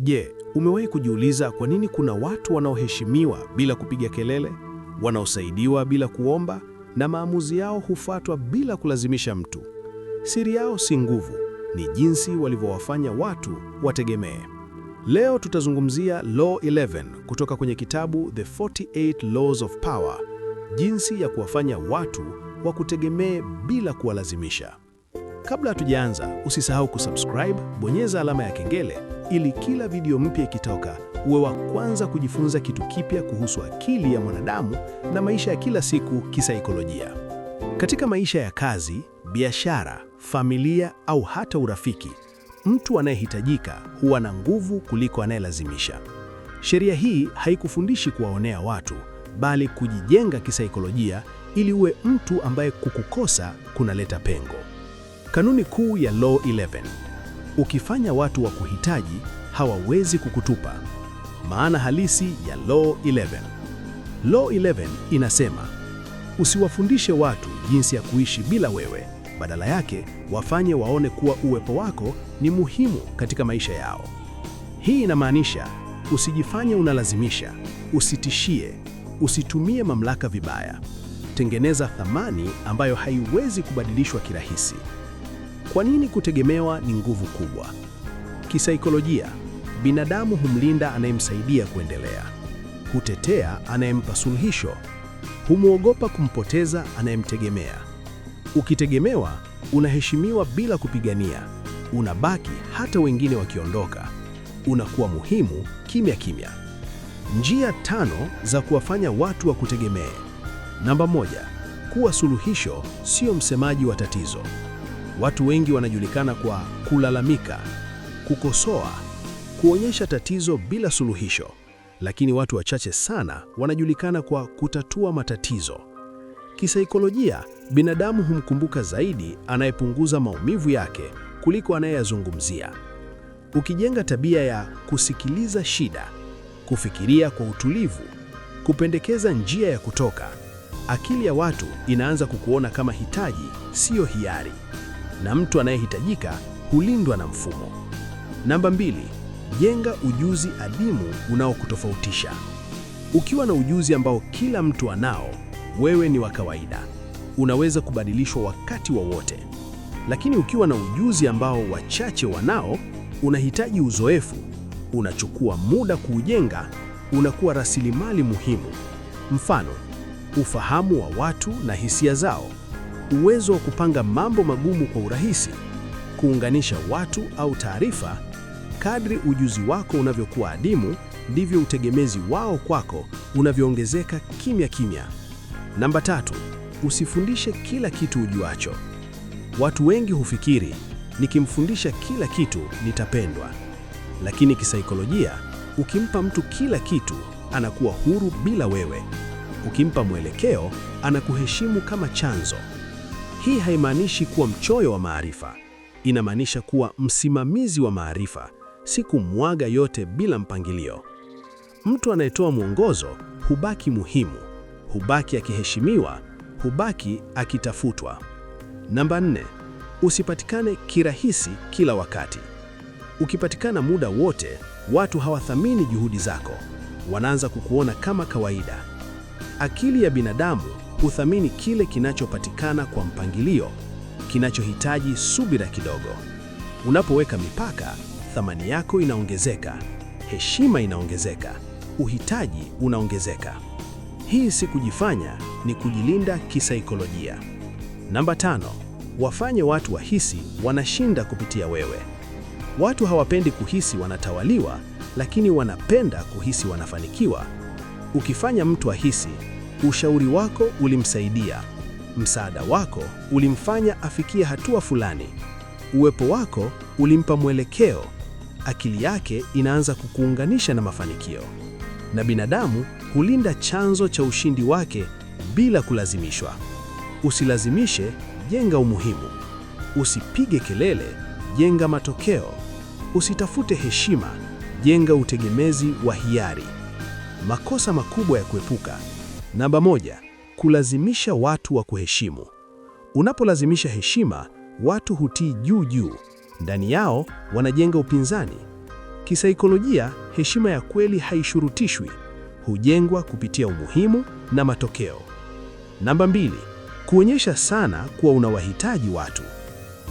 Je, umewahi kujiuliza kwa nini kuna watu wanaoheshimiwa bila kupiga kelele, wanaosaidiwa bila kuomba, na maamuzi yao hufuatwa bila kulazimisha mtu? Siri yao si nguvu, ni jinsi walivyowafanya watu wategemee. Leo tutazungumzia Law 11 kutoka kwenye kitabu The 48 Laws of Power, jinsi ya kuwafanya watu wakutegemee bila kuwalazimisha. Kabla hatujaanza, usisahau kusubscribe, bonyeza alama ya kengele ili kila video mpya ikitoka uwe wa kwanza kujifunza kitu kipya kuhusu akili ya mwanadamu na maisha ya kila siku kisaikolojia. Katika maisha ya kazi, biashara, familia au hata urafiki, mtu anayehitajika huwa na nguvu kuliko anayelazimisha. Sheria hii haikufundishi kuwaonea watu, bali kujijenga kisaikolojia ili uwe mtu ambaye kukukosa kunaleta pengo. Kanuni kuu ya Law 11 Ukifanya watu wa kuhitaji hawawezi kukutupa. Maana halisi ya Law 11. Law 11 inasema usiwafundishe watu jinsi ya kuishi bila wewe, badala yake wafanye waone kuwa uwepo wako ni muhimu katika maisha yao. Hii inamaanisha usijifanye unalazimisha, usitishie, usitumie mamlaka vibaya. Tengeneza thamani ambayo haiwezi kubadilishwa kirahisi. Kwa nini kutegemewa ni nguvu kubwa? Kisaikolojia, binadamu humlinda anayemsaidia kuendelea, hutetea anayempa suluhisho, humwogopa kumpoteza anayemtegemea. Ukitegemewa, unaheshimiwa bila kupigania, unabaki hata wengine wakiondoka, unakuwa muhimu kimya kimya. Njia tano za kuwafanya watu wakutegemee. Namba moja, kuwa suluhisho, sio msemaji wa tatizo. Watu wengi wanajulikana kwa kulalamika, kukosoa, kuonyesha tatizo bila suluhisho, lakini watu wachache sana wanajulikana kwa kutatua matatizo. Kisaikolojia, binadamu humkumbuka zaidi anayepunguza maumivu yake kuliko anayeyazungumzia. Ukijenga tabia ya kusikiliza shida, kufikiria kwa utulivu, kupendekeza njia ya kutoka, akili ya watu inaanza kukuona kama hitaji, siyo hiari na mtu anayehitajika hulindwa na mfumo. Namba mbili, jenga ujuzi adimu unaokutofautisha. Ukiwa na ujuzi ambao kila mtu anao, wewe ni wa kawaida, unaweza kubadilishwa wakati wowote wa. Lakini ukiwa na ujuzi ambao wachache wanao, unahitaji uzoefu, unachukua muda kuujenga, unakuwa rasilimali muhimu. Mfano, ufahamu wa watu na hisia zao uwezo wa kupanga mambo magumu kwa urahisi, kuunganisha watu au taarifa. Kadri ujuzi wako unavyokuwa adimu, ndivyo utegemezi wao kwako unavyoongezeka kimya kimya. Namba tatu, usifundishe kila kitu ujuacho. Watu wengi hufikiri nikimfundisha kila kitu nitapendwa, lakini kisaikolojia, ukimpa mtu kila kitu anakuwa huru bila wewe. Ukimpa mwelekeo, anakuheshimu kama chanzo. Hii haimaanishi kuwa mchoyo wa maarifa, inamaanisha kuwa msimamizi wa maarifa, si kumwaga yote bila mpangilio. Mtu anayetoa mwongozo hubaki muhimu, hubaki akiheshimiwa, hubaki akitafutwa. Namba nne, usipatikane kirahisi kila wakati. Ukipatikana muda wote, watu hawathamini juhudi zako, wanaanza kukuona kama kawaida. Akili ya binadamu huthamini kile kinachopatikana kwa mpangilio, kinachohitaji subira kidogo. Unapoweka mipaka, thamani yako inaongezeka, heshima inaongezeka, uhitaji unaongezeka. Hii si kujifanya, ni kujilinda kisaikolojia. Namba tano, wafanye watu wahisi wanashinda kupitia wewe. Watu hawapendi kuhisi wanatawaliwa, lakini wanapenda kuhisi wanafanikiwa. Ukifanya mtu ahisi Ushauri wako ulimsaidia, msaada wako ulimfanya afikie hatua fulani, uwepo wako ulimpa mwelekeo. Akili yake inaanza kukuunganisha na mafanikio, na binadamu hulinda chanzo cha ushindi wake bila kulazimishwa. Usilazimishe, jenga umuhimu. Usipige kelele, jenga matokeo. Usitafute heshima, jenga utegemezi wa hiari. Makosa makubwa ya kuepuka. Namba moja, kulazimisha watu wa kuheshimu. Unapolazimisha heshima, watu hutii juu juu, ndani yao wanajenga upinzani. Kisaikolojia, heshima ya kweli haishurutishwi, hujengwa kupitia umuhimu na matokeo. Namba mbili, kuonyesha sana kuwa unawahitaji watu.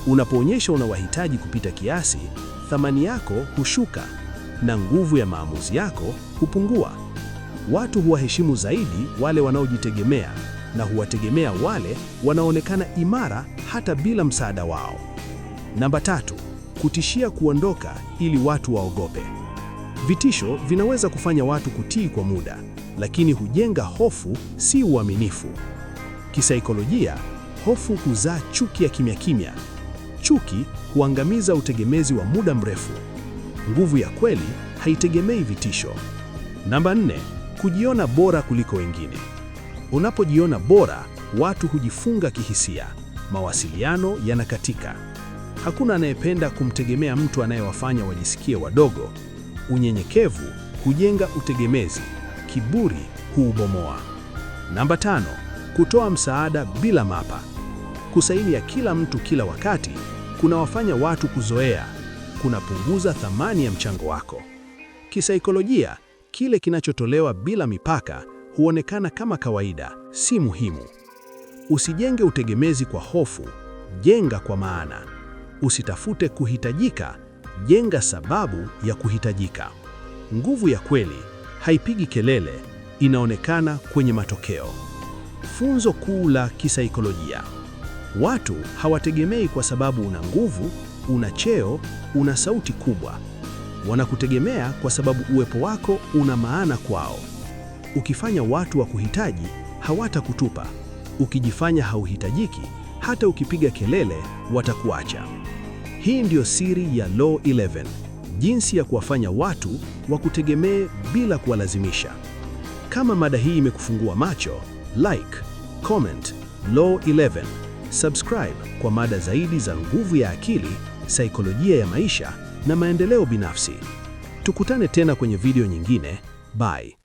Unapoonyesha unawahitaji kupita kiasi, thamani yako hushuka na nguvu ya maamuzi yako hupungua. Watu huwaheshimu zaidi wale wanaojitegemea na huwategemea wale wanaonekana imara hata bila msaada wao. Namba tatu, kutishia kuondoka ili watu waogope. Vitisho vinaweza kufanya watu kutii kwa muda, lakini hujenga hofu, si uaminifu. Kisaikolojia, hofu huzaa chuki ya kimya kimya. Chuki huangamiza utegemezi wa muda mrefu. Nguvu ya kweli haitegemei vitisho. Namba nne, Kujiona bora kuliko wengine. Unapojiona bora, watu hujifunga kihisia, mawasiliano yanakatika. Hakuna anayependa kumtegemea mtu anayewafanya wajisikie wadogo. Unyenyekevu hujenga utegemezi, kiburi huubomoa. Namba tano, kutoa msaada bila mapa. Kusaidia kila mtu kila wakati kunawafanya watu kuzoea, kunapunguza thamani ya mchango wako. Kisaikolojia, kile kinachotolewa bila mipaka huonekana kama kawaida, si muhimu. Usijenge utegemezi kwa hofu, jenga kwa maana. Usitafute kuhitajika, jenga sababu ya kuhitajika. Nguvu ya kweli haipigi kelele, inaonekana kwenye matokeo. Funzo kuu la kisaikolojia: watu hawategemei kwa sababu una nguvu, una cheo, una sauti kubwa. Wanakutegemea kwa sababu uwepo wako una maana kwao. Ukifanya watu wa kuhitaji, hawatakutupa. Ukijifanya hauhitajiki, hata ukipiga kelele, watakuacha. Hii ndiyo siri ya Law 11, jinsi ya kuwafanya watu wakutegemee bila kuwalazimisha. Kama mada hii imekufungua macho, like, comment Law 11, subscribe kwa mada zaidi za nguvu ya akili, saikolojia ya maisha na maendeleo binafsi. Tukutane tena kwenye video nyingine. Bye.